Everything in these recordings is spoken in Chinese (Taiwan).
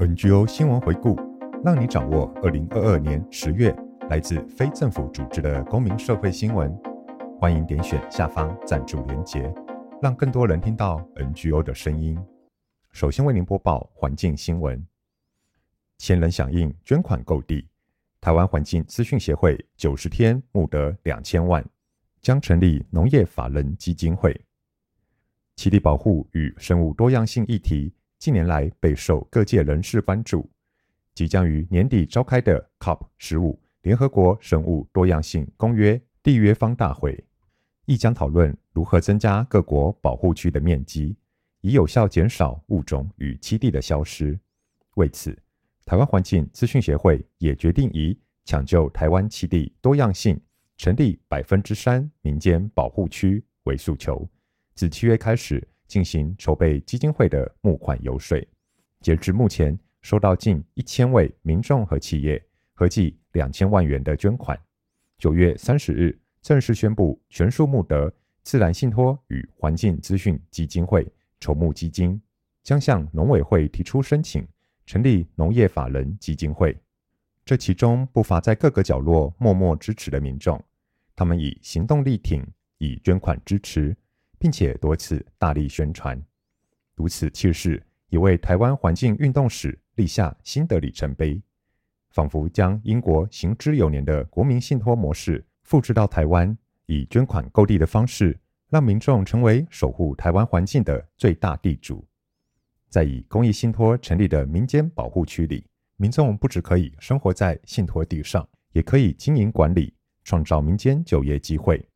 NGO 新聞回顧，讓你掌握2022年十月來自非政府組織的公民社會新聞。歡迎點選下方贊助連結，讓更多人聽到 NGO 的聲音。首先為您播報環境新聞：千人響應捐款購地，台灣環境資訊協會九十天募得兩千萬，將成立農業法人基金會。濕地保護與生物多樣性議題，近年來備受各界人士關注，即將於年底召開的 COP 十五聯合國生物多樣性公約締約方大會，亦將討論如何增加各國保護區的面積，以有效減少物種與棲地的消失。為此，台灣環境資訊協會也決定以“搶救台灣棲地多樣性，成立百分之三民間保護區”為訴求，自七月開始。進行籌備基金會的募款遊說，截至目前收到近一千位民眾和企業合計兩千萬元的捐款。九月三十日正式宣布，全數募得自然信托與環境資訊基金會籌募基金，將向農委會提出申請，成立農業法人基金會。這其中不乏在各個角落默默支持的民眾，他們以行動力挺，以捐款支持。並且多次大力宣傳，如此氣勢也為台灣環境運動史立下新的里程碑。仿佛將英國行之有年的國民信托模式複製到台灣，以捐款購地的方式，讓民眾成為守護台灣環境的最大地主。在以公益信托成立的民間保護區裡，民眾不只可以生活在信托地上，也可以經營管理，創造民間就業機會。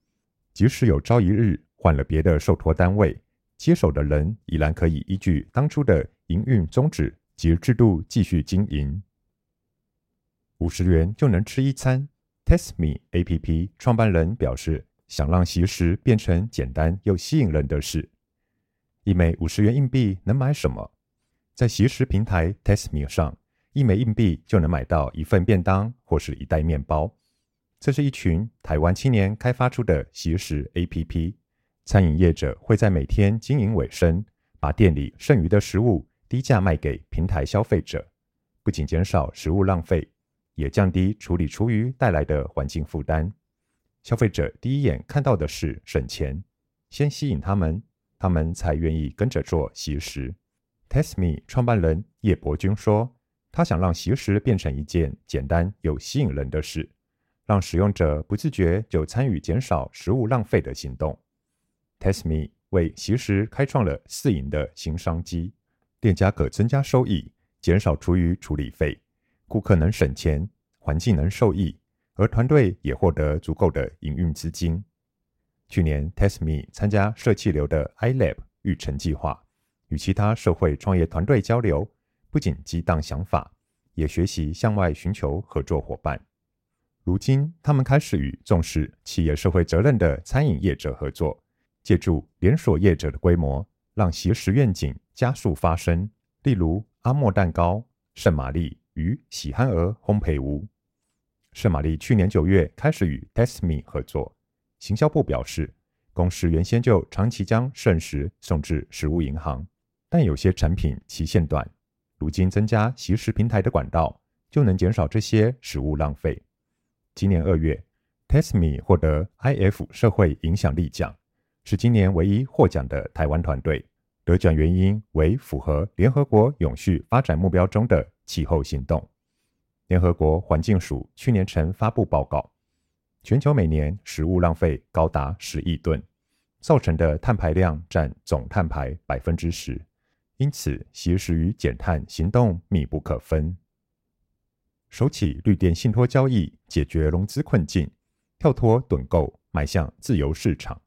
即使有朝一日，換了別的受托單位接手的人，依然可以依據當初的營運宗旨及制度繼續經營。五十元就能吃一餐？Tasteme APP 創辦人表示，想讓惜食變成簡單又吸引人的事。一枚五十元硬幣能買什麼？在惜食平台 Tasteme 上，一枚硬幣就能買到一份便當或是一袋面包。這是一群台灣青年開發出的惜食 APP。餐飲業者會在每天經營尾聲，把店裡剩餘的食物低價賣給平台消費者，不僅減少食物浪費，也降低處理廚餘帶來的環境負擔。消費者第一眼看到的是省錢，先吸引他們，他們才願意跟着做惜食。Tasteme 創辦人葉伯鈞說：“他想讓惜食變成一件簡單又吸引人的事，讓使用者不自覺就參與減少食物浪費的行動。” Tasteme 為惜食開創了四贏的新商機，店家可增加收益，減少廚餘處理費，顧客能省錢，環境能受益，而團隊也獲得足夠的營運資金。去年，Tasteme 參加社企流的 iLab 育成計劃，與其他社會創業團隊交流，不僅激盪想法，也學習向外尋求合作夥伴。如今，他們開始與重視企業社會責任的餐飲業者合作。借助連鎖業者的規模，讓惜食願景加速發生。例如，阿莫蛋糕、聖瑪麗與喜憨兒烘焙屋。聖瑪麗去年九月開始與 Tasteme 合作，行銷部表示，公司原先就長期將剩食送至食物銀行，但有些產品期限短。如今增加惜食平台的管道，就能減少這些食物浪費。今年二月，Tasteme 獲得 IF 社會影響力獎。是今年唯一獲獎的台灣團隊。得獎原因為符合聯合國永續發展目標中的氣候行動。聯合國環境署去年曾發佈報告，全球每年食物浪費高達十億噸，造成的碳排量占總碳排百分之十，因此惜食與減碳行動密不可分。首起綠電信託交易解決融資困境，跳脫躉購邁向自由市場。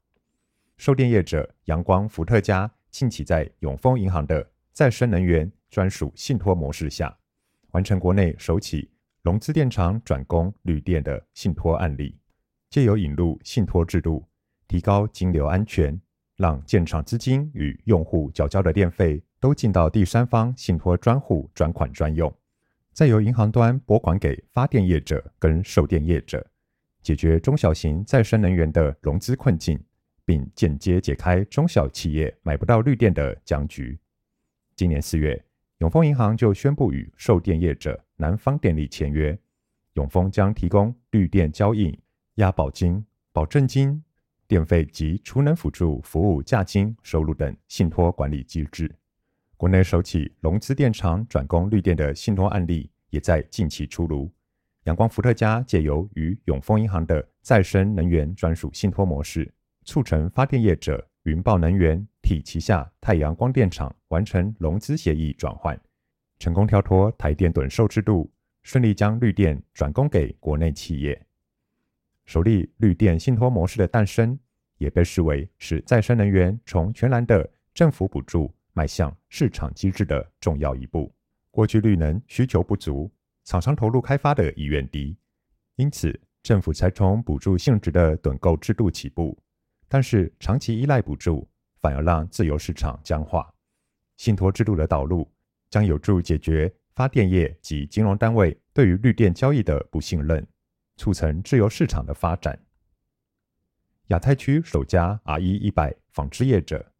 售電業者陽光伏特加近期在永豐銀行的再生能源專屬信託模式下，完成國內首起融資電廠轉供綠電的信託案例。借由引入信託制度，提高金流安全，讓電廠資金與用戶繳交的電費都進到第三方信託專戶專款專用，再由銀行端撥款給發電業者跟售電業者，解決中小型再生能源的融資困境。並間接解開中小企業買不到綠電的僵局。今年四月，永豐銀行就宣布與售電業者南方電力簽約，永豐將提供綠電交易、押保金、保證金、電費及儲能輔助服務價金收入等信託管理機制。國內首起融資電廠轉供綠電的信託案例也在近期出爐。陽光伏特家借由與永豐銀行的再生能源專屬信託模式，促成發電業者雲豹能源體旗下太陽光電廠完成融資協議轉換，成功跳脫台電短售制度，順利將綠電轉供給國內企業。首例綠電信託模式的誕生，也被視為使再生能源從全藍的政府補助邁向市場機制的重要一步。過去綠能需求不足，廠商投入開發的意願低，因此政府才從補助性質的躉購制度起步。但是長期依賴補助，反而讓自由市場僵化。信托制度的導入，將有助解決發電業及金融單位對於綠電交易的不信任，促成自由市場的發展。亞太區首家 RE100 紡織業者，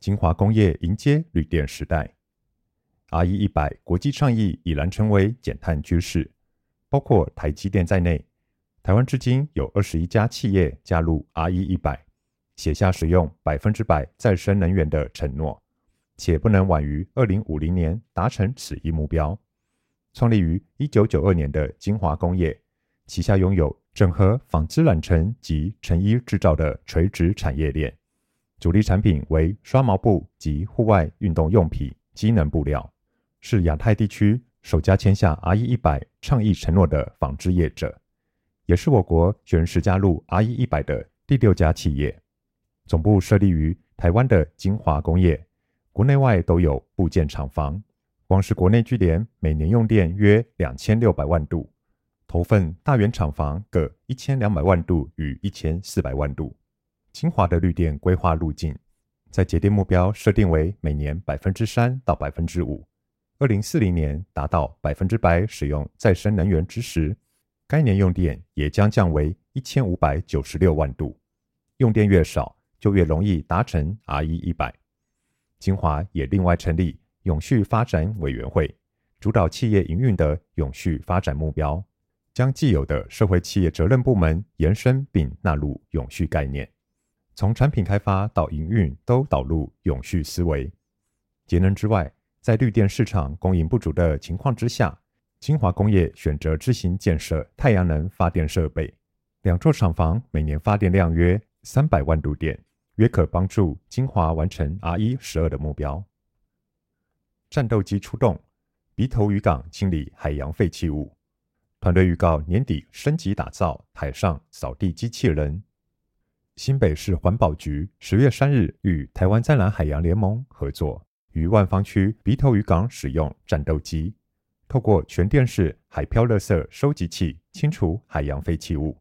菁華工業迎接綠電時代。RE100 國際倡議已然成為減碳趨勢，包括台積電在內，台灣至今有二十一家企業加入 RE100。寫下使用百分之百再生能源的承諾，且不能晚於二零五零年達成此一目標。創立於一九九二年的菁華工業，旗下擁有整合紡織染成及成衣制造的垂直產業鏈，主力產品為刷毛布及戶外運動用品機能布料，是亞太地區首家簽下 R E 一百倡議承諾的紡織業者，也是我國選時加入 R E 一百的第六家企業。總部設立於台灣的菁華工業，國內外都有部件廠房。光是國內據點每年用電約兩千六百萬度，頭份大園廠房各一千兩百萬度與一千四百萬度。菁華的綠電規劃路徑，在節電目標設定為每年百分之三到百分之五。二零四零年達到百分之百使用再生能源之時，該年用電也將降為一千五百九十六萬度。用電越少，就越容易達成 RE100。菁華也另外成立永續發展委員會，主導企業營運的永續發展目標，將既有的社會企業責任部門延伸並納入永續概念，從產品開發到營運都導入永續思維。節能之外，在綠電市場供應不足的情況之下，菁華工業選擇自行建設太陽能發電設備，兩座廠房每年發電量約三百萬度電。約可幫助菁華完成 RE100 的目標。湛鬥機出動，鼻頭漁港清理海洋廢棄物。團隊預告年底升級打造海上掃地機器人。新北市環保局十月三日與台灣湛藍海洋聯盟合作，於萬方區鼻頭漁港使用湛鬥機，透過全電式海漂垃圾收集器清除海洋廢棄物，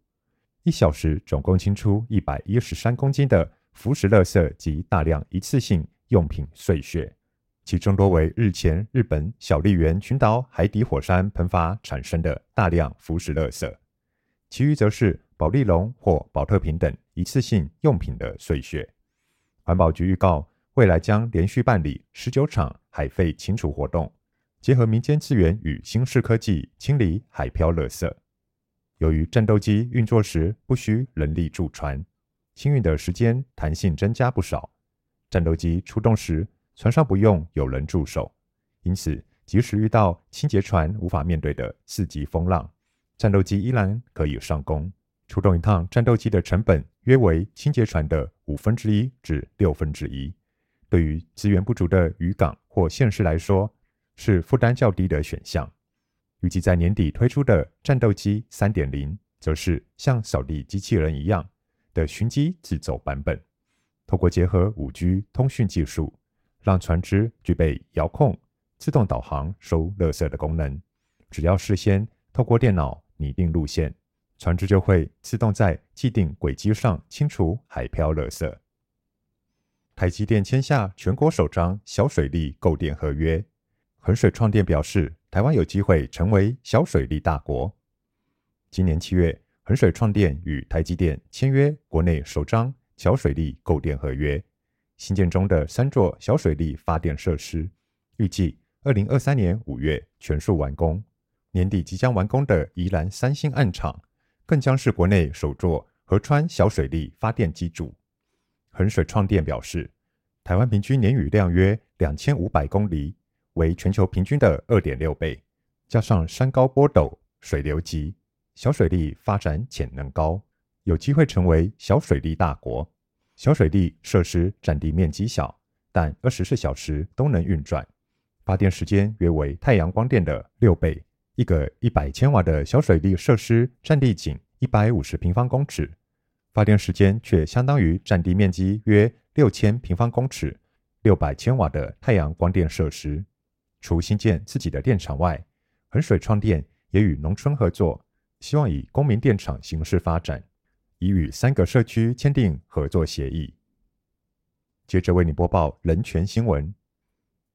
一小時總共清出一百一十三公斤的。浮石垃圾及大量一次性用品碎屑，其中多為日前日本小笠原群島海底火山噴發產生的大量浮石垃圾，其餘則是保麗龍或寶特瓶等一次性用品的碎屑。環保局預告，未來將連續辦理十九場海廢清除活動，結合民間資源與新式科技清理海漂垃圾。由於湛鬥機運作時不需人力駐船。清運的時間彈性增加不少，湛鬥機出動時，船上不用有人駐守，因此即使遇到清潔船無法面對的四級風浪，湛鬥機依然可以上工，出動一趟湛鬥機的成本約為清潔船的五分之一至六分之一，對於資源不足的漁港或縣市來說，是負擔較低的選項。預計在年底推出的湛鬥機3.0，則是像掃地機器人一樣。的循跡自走版本，透過結合五 G 通訊技術，讓船只具備遙控、自動導航收垃圾的功能。只要事先透過電腦擬定路線，船只就會自動在既定軌跡上清除海漂垃圾。台積電簽下全國首張小水力購電合約，恆水創電表示，台灣有機會成為小水力大國。今年七月。恆水創電與台積電簽約國內首張小水力購電合約，新建中的三座小水力發電設施，預計二零二三年五月全數完工。年底即將完工的宜蘭三星案場，更將是國內首座河川小水力發電機組。恆水創電表示，台灣平均年雨量約兩千五百公里，為全球平均的二點六倍，加上山高坡陡，水流急。小水力發展潛能高，有機會成為小水力大國。小水力設施佔地面積小，但二十四小時都能運轉，發電時間約為太陽光電的六倍。一個一百千瓦的小水力設施佔地僅一百五十平方公尺，發電時間卻相當於佔地面積約六千平方公尺、六百千瓦的太陽光電設施。除新建自己的電廠外，恆水創電也與農村合作。希望以公民電廠形式發展，已與三個社區簽訂合作協議。接着為你播報人權新聞：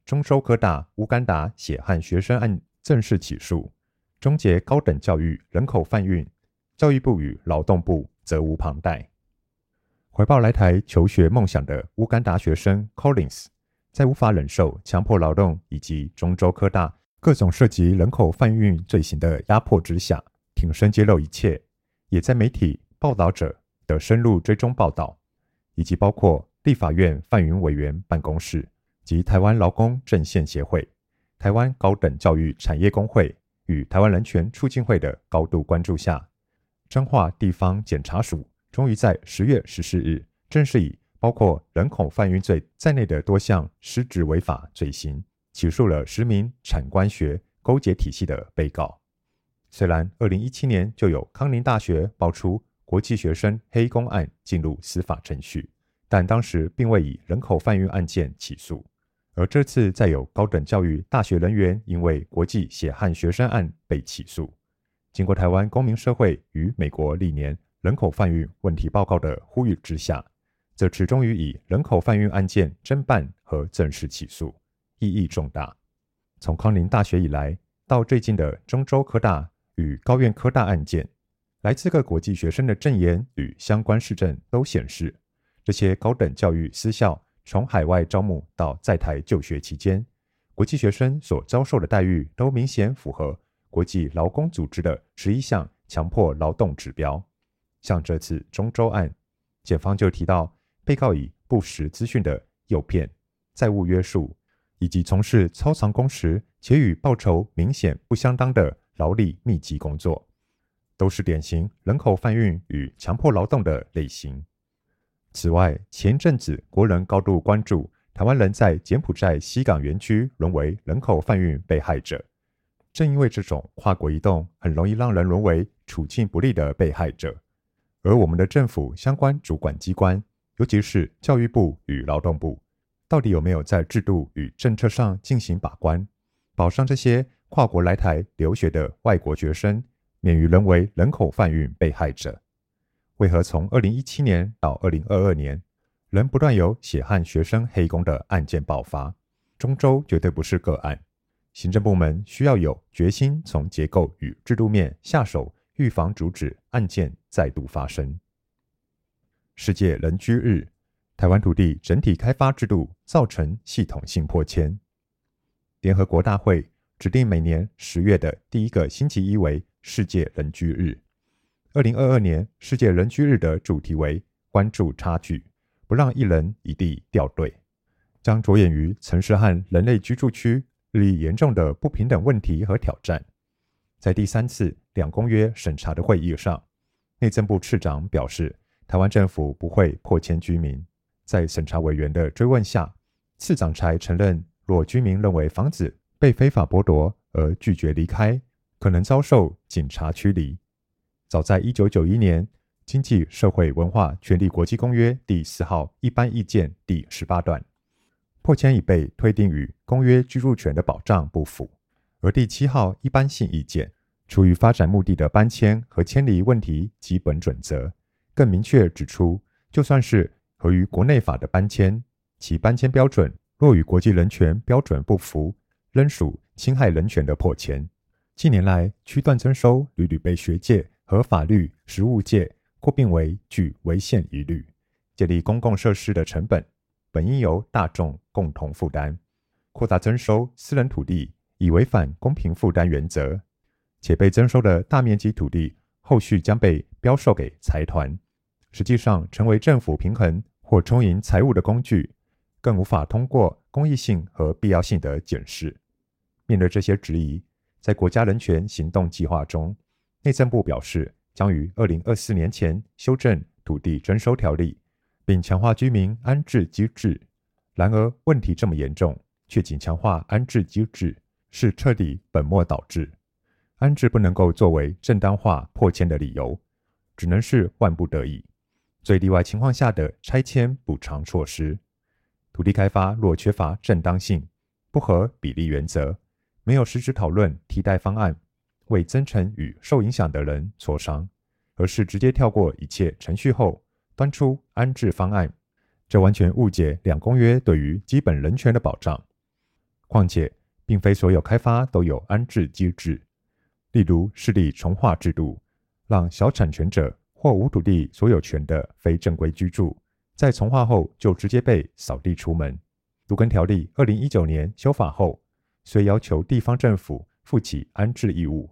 中州科大烏干達血汗學生案正式起訴，終結高等教育人口販運。教育部與勞動部責無旁貸。懷抱來台求學夢想的烏干達學生 Collins，在無法忍受強迫勞，勞動以及中州科大各種涉及人口販運罪行的壓迫之下。挺身揭露一切，也在媒體報道者的深入追蹤報道，以及包括立法院范雲委員辦公室及台灣勞工陣線協會、台灣高等教育產業工會與台灣人權促進會的高度關注下，彰化地方檢察署終於在十月十四日，正式以包括人口販運罪在內的多項失職違法罪行，起訴了十名產官學勾結體系的被告。雖然二零一七年就有康寧大學爆出國際學生黑工案進入司法程序，但當時並未以人口販運案件起訴。而這次再有高等教育大學人員因為國際血汗學生案被起訴，經過台灣公民社會與美國歷年人口販運問題報告的呼籲之下，這次終於以人口販運案件偵辦和正式起訴，意義重大。從康寧大學以來到最近的中州科大。與高苑科大案件，來自各國際學生的證言與相關事證都顯示，這些高等教育私校從海外招募到在台就學期間，國際學生所遭受的待遇都明顯符合國際勞工組織的十一項強迫勞動指標。像這次中州案，檢方就提到被告以不實資訊的誘騙、債務約束，以及從事超長工時且與報酬明顯不相當的。勞力密集工作都是典型人口販運與強迫勞動的類型。此外，前陣子國人高度關注台灣人在柬埔寨西港園區淪為人口販運被害者，正因為這種跨國移動很容易讓人淪為處境不利的被害者。而我們的政府相關主管機關，尤其是教育部與勞動部，到底有沒有在制度與政策上進行把關，保障這些跨國來台留學的外國學生免於淪為人口販運被害者。為何從二零一七年到二零二二年，仍不斷有血汗學生黑工的案件爆發？中州絕對不是個案。行政部門需要有決心，從結構與制度面下手，預防阻止案件再度發生。世界人居日，台灣土地整體開發制度造成系統性迫遷。聯合國大會。指定每年十月的第一個星期一為世界人居日。二零二二年世界人居日的主題為“關注差距，不讓一人一地掉隊”，將着眼於城市和人類居住區日益嚴重的不平等問題和挑戰。在第三次兩公約審查的會議上，內政部次長表示，台灣政府不會迫遷居民。在審查委員的追問下，次長才承認，若居民認為房子，被非法剝奪而拒絕離開，可能遭受警察驅離。早在1991年，《經濟社會文化權利國際公約》第四號一般意見第十八段，迫遷已被推定與公約居住權的保障不符。而第七號一般性意見《出於發展目的的搬遷和遷離問題基本準則》更明確指出，就算是合於國內法的搬遷，其搬遷標準若與國際人權標準不符。仍屬侵害人權的迫遷。近年來，區段徵收屢屢被學界和法律實務界詬病為具違憲疑慮。建立公共設施的成本本應由大眾共同負擔，擴大徵收私人土地，以違反公平負擔原則。且被徵收的大面積土地，後續將被標售給財團，實際上成為政府平衡或充盈財務的工具，更無法通過公益性和必要性的檢視。面對這些質疑，在國家人權行動計劃中，內政部表示將於二零二四年前修正土地徵收條例，並強化居民安置機制。然而，問題這麼嚴重，卻僅強化安置機制，是徹底本末倒置。安置不能夠作為正當化迫遷的理由，只能是萬不得已、最例外情況下的拆遷補償措施。土地開發若缺乏正當性，不合比例原則。沒有實質討論替代方案，未曾與受影響的人磋商，而是直接跳過一切程序後，端出安置方案。這完全誤解兩公約對於基本人權的保障。況且，並非所有開發都有安置機制。例如，市地重劃制度，讓小產權者或無土地所有權的非正規居住，在重劃後就直接被掃地出門。《都更條例》二零一九年修法後，雖要求地方政府負起安置義務，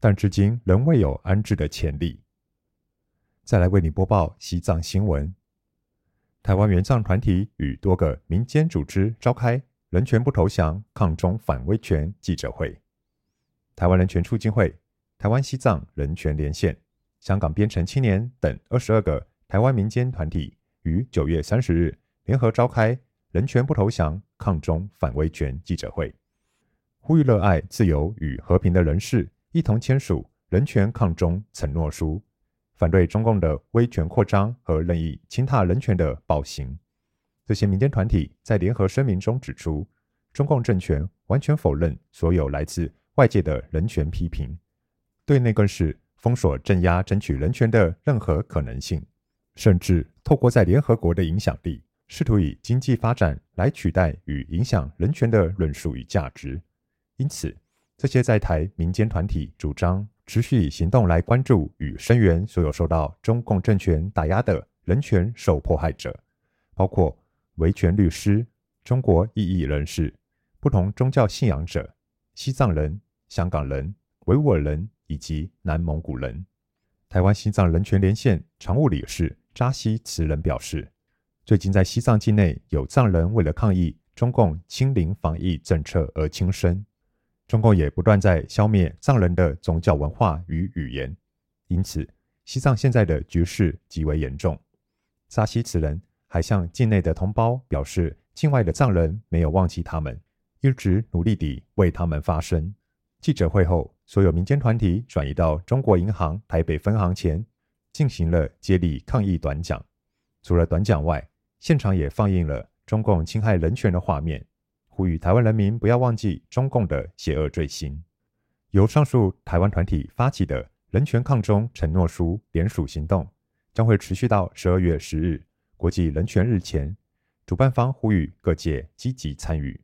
但至今仍未有安置的潛力。再來為你播報西藏新聞：台灣援藏團體與多個民間組織召開“人權不投降、抗中反威權”記者會。台灣人權促進會、台灣西藏人權連線、香港邊城青年等二十二個台灣民間團體於九月三十日聯合召開“人權不投降、抗中反威權”記者會。呼籲熱愛自由與和平的人士一同簽署《人權抗中承諾書》，反對中共的威權擴張和任意踐踏人權的暴行。這些民間團體在聯合聲明中指出，中共政權完全否認所有來自外界的人權批評，對內更是封鎖、鎮壓爭取人權的任何可能性，甚至透過在聯合國的影響力，試圖以經濟發展來取代與影響人權的論述與價值。因此，這些在台民間團體主張持續以行動來關注與聲援所有受到中共政權打壓的人權受迫害者，包括維權律師、中國異議人士、不同宗教信仰者、西藏人、香港人、維吾爾人以及南蒙古人。台灣西藏人權連線常務理事扎西慈仁表示，最近在西藏境內有藏人為了抗議中共清零防疫政策而輕生。中共也不斷在消滅藏人的宗教文化與語言，因此西藏現在的局勢極為嚴重。扎西此人還向境內的同胞表示，境外的藏人沒有忘記他們，一直努力地為他們發聲。記者會後，所有民間團體轉移到中國銀行台北分行前，進行了接力抗議短講。除了短講外，現場也放映了中共侵害人權的畫面。呼籲台灣人民不要忘記中共的邪惡罪行。由上述台灣团體发起的人權抗中承諾書聯署行動，將會持續到十二月十日（國際人權日前）。主辦方呼籲各界積極參與。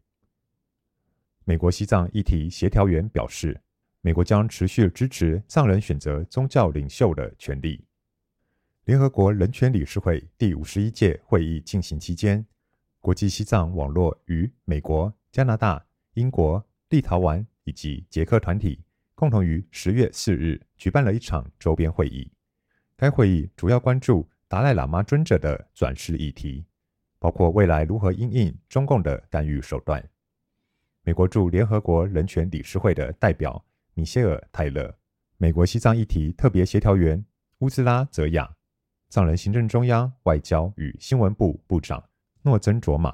美國西藏議題協調員表示，美國將持續支持藏人選擇宗教領袖的權利。聯合國人權理事會第五十一屆會議進行期間，國際西藏網絡與美國、加拿大、英國、立陶宛以及捷克團體共同於十月四日舉辦了一場周邊會議。該會議主要關注達賴喇嘛尊者的轉世議題，包括未來如何因應中共的干預手段。美國駐聯合國人權理事會的代表米歇爾·泰勒、美國西藏議題特別協調員烏茲拉·澤亞、藏人行政中央外交與新聞部部長。諾增卓瑪、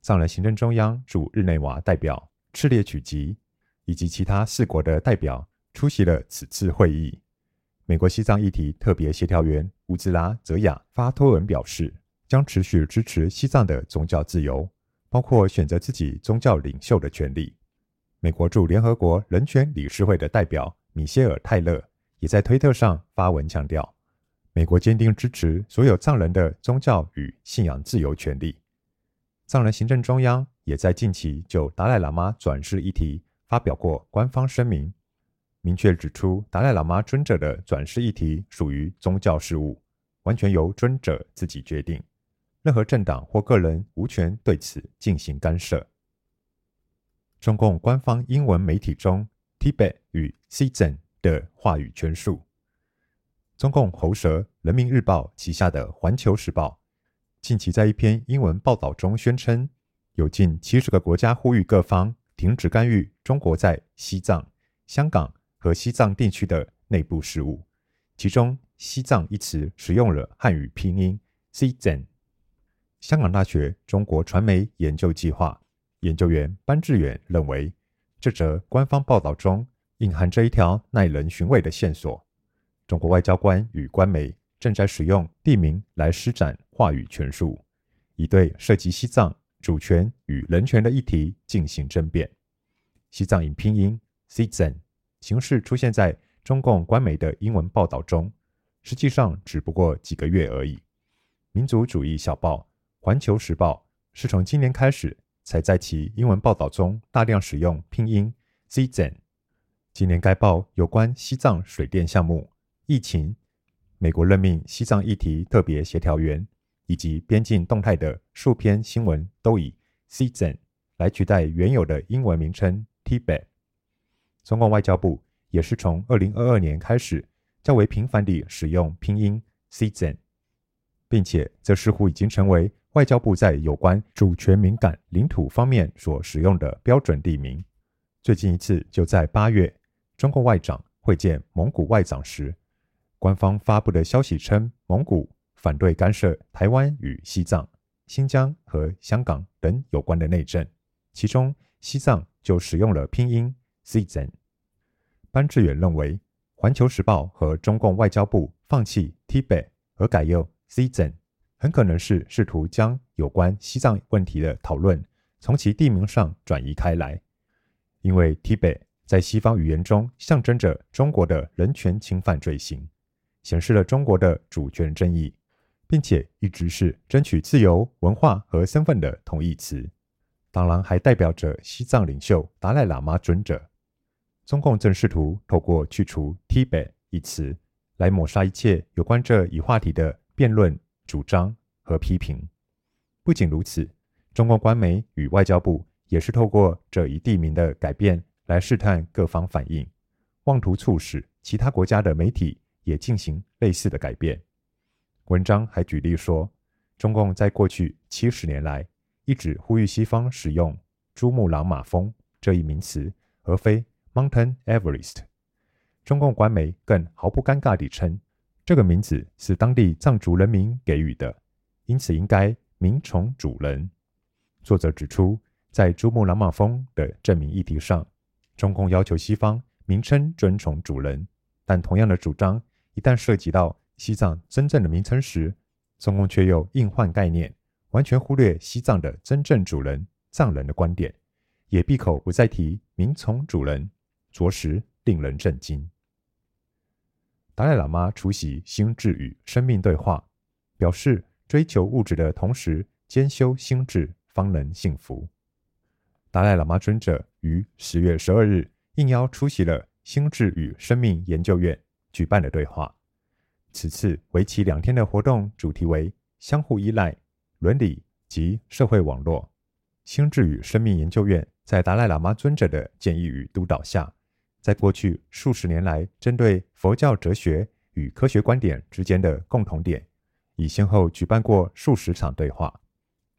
藏人行政中央駐日內瓦代表赤烈曲吉以及其他四國的代表出席了此次會議。美國西藏議題特別協調員烏茲拉·澤雅發推文表示，將持續支持西藏的宗教自由，包括選擇自己宗教領袖的權利。美國駐聯合國人權理事會的代表米歇爾·泰勒也在推特上發文強調，美國堅定支持所有藏人的宗教與信仰自由權利。藏人行政中央也在近期就達賴喇嘛轉世議題發表過官方聲明，明確指出達賴喇嘛尊者的轉世議題屬於宗教事務，完全由尊者自己決定，任何政黨或個人無權對此進行干涉。中共官方英文媒體中，Tibet 與 Xizang 的話語權術，中共喉舌《人民日報》旗下的《環球時報》，近期在一篇英文報道中宣稱，有近七十個國家呼籲各方停止干預中國在西藏、香港和西藏地區的內部事務，其中“西藏”一詞使用了漢語拼音 “Xizang”。香港大學中國傳媒研究計划研究員班志遠認為，這則官方報道中隱含着一條耐人尋味的線索。中國外交官與官媒。正在使用地名來施展話語權術，以對涉及西藏主權與人權的議題進行爭辯。西藏以拼音 Xizang 形式出現在中共官媒的英文報道中，實際上只不過幾個月而已。民族主義小報《環球時報》是從今年開始才在其英文報道中大量使用拼音 Xizang。今年該報有關西藏水電項目、疫情。美國任命西藏議題特別協調員，以及邊境動態的數篇新聞都以 “Xizang” 來取代原有的英文名稱 “Tibet”。中共外交部也是從2022年開始較為頻繁地使用拼音 “Xizang”，並且這似乎已經成為外交部在有關主權敏感領土方面所使用的標準地名。最近一次就在八月，中共外長會見蒙古外長時。官方發佈的消息稱，蒙古反對干涉台灣與西藏、新疆和香港等有關的內政，其中西藏就使用了拼音 Xizang。班志遠認為，《環球時報》和中共外交部放棄 “Tibet” 而改用 Xizang，很可能是試圖將有關西藏問題的討論從其地名上轉移開來，因為 “Tibet” 在西方語言中象徵着中國的人權侵犯罪行。顯示了中國的主權爭議，並且一直是爭取自由、文化和身份的同義詞。當然，還代表着西藏領袖達賴喇嘛尊者。中共正試圖透過去除 “Tibet” 一詞，來抹殺一切有關這一話題的辯論、主張和批評。不僅如此，中共官媒與外交部也是透過這一地名的改變，來試探各方反應，妄圖促使其他國家的媒體。也進行類似的改變。文章還舉例說，中共在過去七十年來一直呼籲西方使用“珠穆朗瑪峰”這一名詞，而非 “Mountain Everest”。中共官媒更毫不尷尬地稱，這個名字是當地藏族人民給予的，因此應該名從主人。作者指出，在珠穆朗瑪峰的證明議題上，中共要求西方名稱尊崇主人，但同樣的主張。一旦涉及到西藏真正的名稱時，中共卻又硬換概念，完全忽略西藏的真正主人藏人的觀點，也閉口不再提“名從主人”，着實令人震驚。達賴喇嘛出席心智與生命對話，表示追求物質的同時，兼修心智，方能幸福。達賴喇嘛尊者於十月十二日應邀出席了心智與生命研究院。舉辦的對話，此次為期兩天的活動主題為相互依賴、倫理及社會網絡。心智與生命研究院在達賴喇嘛尊者的建議與督導下，在過去數十年來，針對佛教哲學與科學觀點之間的共同點，已先後舉辦過數十場對話。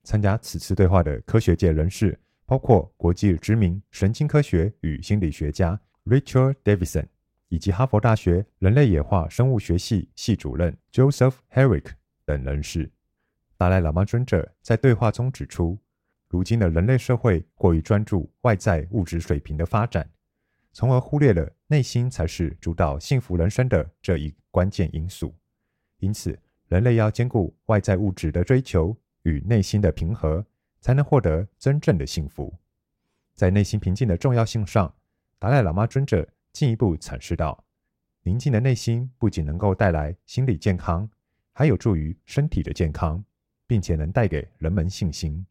參加此次對話的科學界人士包括國際知名神經科學與心理學家 Richard Davidson。以及哈佛大學人類演化生物學系系主任 Joseph Henrich 等人士，達賴喇嘛尊者在對話中指出，如今的人類社會過於專注外在物質水平的發展，從而忽略了內心才是主導幸福人生的這一關鍵因素。因此，人類要兼顧外在物質的追求與內心的平和，才能獲得真正的幸福。在內心平靜的重要性上，達賴喇嘛尊者。進一步闡釋道：“寧靜的內心不僅能夠帶來心理健康，還有助於身體的健康，並且能帶給人們信心。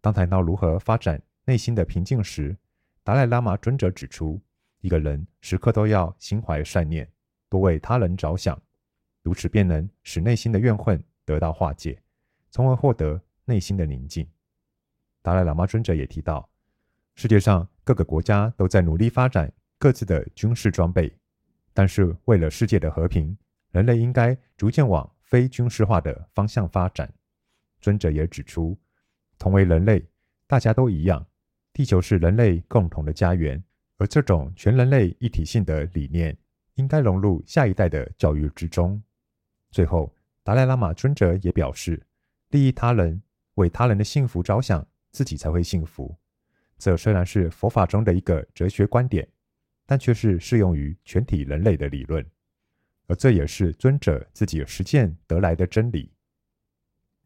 當談到如何發展內心的平靜時，達賴喇嘛尊者指出，一個人時刻都要心懷善念，多為他人着想，如此便能使內心的怨恨得到化解，從而獲得內心的寧靜。”達賴喇嘛尊者也提到，世界上各個國家都在努力發展各自的軍事裝備，但是為了世界的和平，人類應該逐漸往非軍事化的方向發展。尊者也指出，同為人類，大家都一樣，地球是人類共同的家園，而這種全人類一體性的理念應該融入下一代的教育之中。最後，達賴喇嘛尊者也表示，利益他人為他人的幸福着想，自己才會幸福。這雖然是佛法中的一個哲學觀點。但卻是適用於全體人類的理論，而這也是尊者自己實踐得來的真理。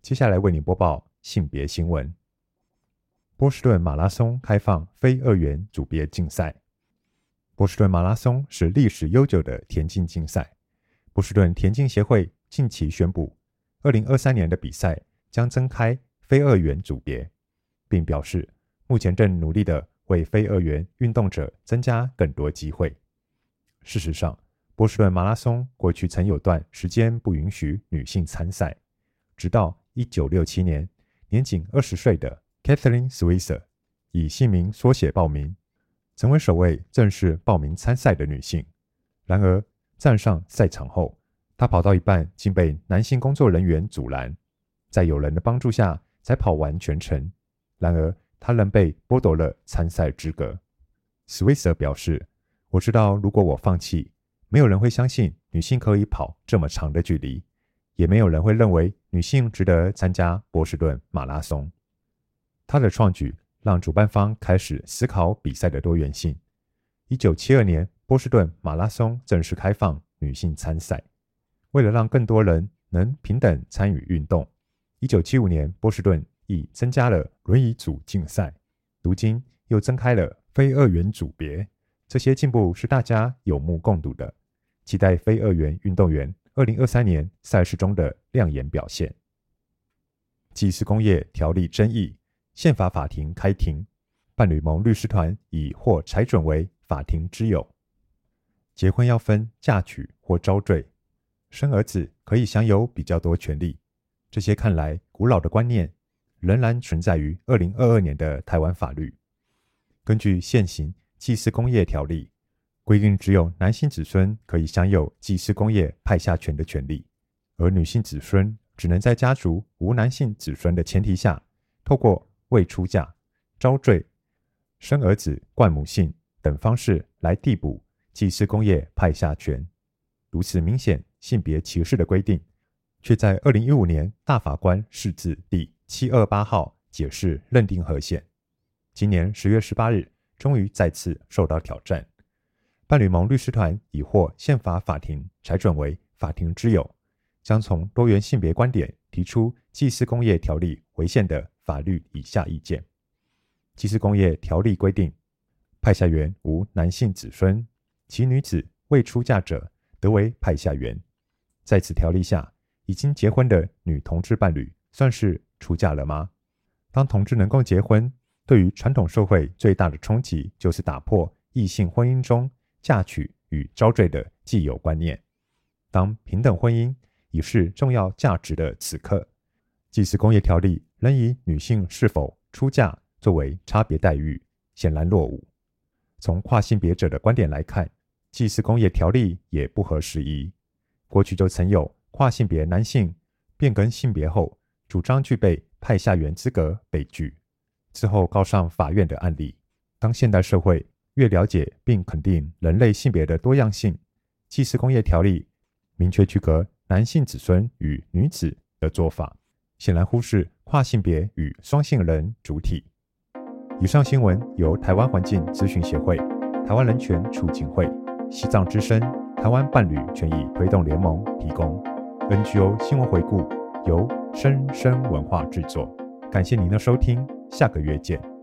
接下來為你播報性別新聞：波士頓馬拉松開放非二元組別競賽。波士頓馬拉松是歷史悠久的田徑競賽，波士頓田徑協會近期宣布，二零二三年的比賽將增開非二元組別，並表示目前正努力的。為非二元運動者增加更多機會。事實上，波士頓馬拉松過去曾有段時間不允許女性參賽，直到一九六七年，年僅二十歲的 Kathrine Switzer 以姓名縮寫報名，成為首位正式報名參賽的女性。然而，站上賽場後，她跑到一半竟被男性工作人員阻攔，在有人的幫助下才跑完全程。然而，她仍被剝奪了參賽資格。Switzer 表示：“我知道，如果我放棄，沒有人會相信女性可以跑這麼長的距離，也沒有人會認為女性值得參加波士頓馬拉松。”她的創舉讓主辦方開始思考比賽的多元性。一九七二年，波士頓馬拉松正式開放女性參賽。為了讓更多人能平等參與運動，一九七五年，波士頓，已增加了輪椅組競賽，如今又增開了非二元組別，這些進步是大家有目共睹的。期待非二元運動員二零二三年賽事中的亮眼表現。《祭祀公業條例》爭議，憲法法庭開庭，伴侶盟律師團已獲裁准為法庭之友。結婚要分嫁娶或招贅，生兒子可以享有比較多權利，這些看來古老的觀念。仍然存在於二零二二年的台灣法律。根據現行《祭祀公業條例》，規定只有男性子孫可以享有祭祀公業派下權的權利，而女性子孫只能在家族無男性子孫的前提下，透過未出嫁、招贅、生兒子冠母姓等方式來遞補祭祀公業派下權。如此明顯性別歧視的規定，卻在二零一五年大法官釋字第。七二八號解釋認定合憲，今年十月十八日終於再次受到挑戰。伴侶盟律師團已獲憲法法庭裁准為法庭之友，將從多元性別觀點提出《祭祀公業條例》違憲的法律以下意見。《祭祀公業條例》規定，派下員無男性子孫，其女子未出嫁者得為派下員。在此條例下，已經結婚的女同志伴侶算是出嫁了嗎？當同志能夠結婚，對於傳統社會最大的衝擊就是打破異性婚姻中嫁娶與招贅的既有觀念。當平等婚姻已是重要價值的此刻，祭祀公業條例仍以女性是否出嫁作為差別待遇，顯然落伍。從跨性別者的觀點來看，祭祀公業條例也不合時宜。過去就曾有跨性別男性變更性別後，主張具備派下員資格被拒，之後告上法院的案例。當現代社會越了解並肯定人類性別的多樣性，《祭祀公業條例》明確區隔男性子孫與女子的做法，顯然忽視跨性別與雙性人主體。以上新聞由台灣環境資訊協會、台灣人權促進會、西藏之聲、台灣伴侶權益推動聯盟提供。NGO 新聞回顧。由生聲文化製作，感謝您的收聽，下個月見。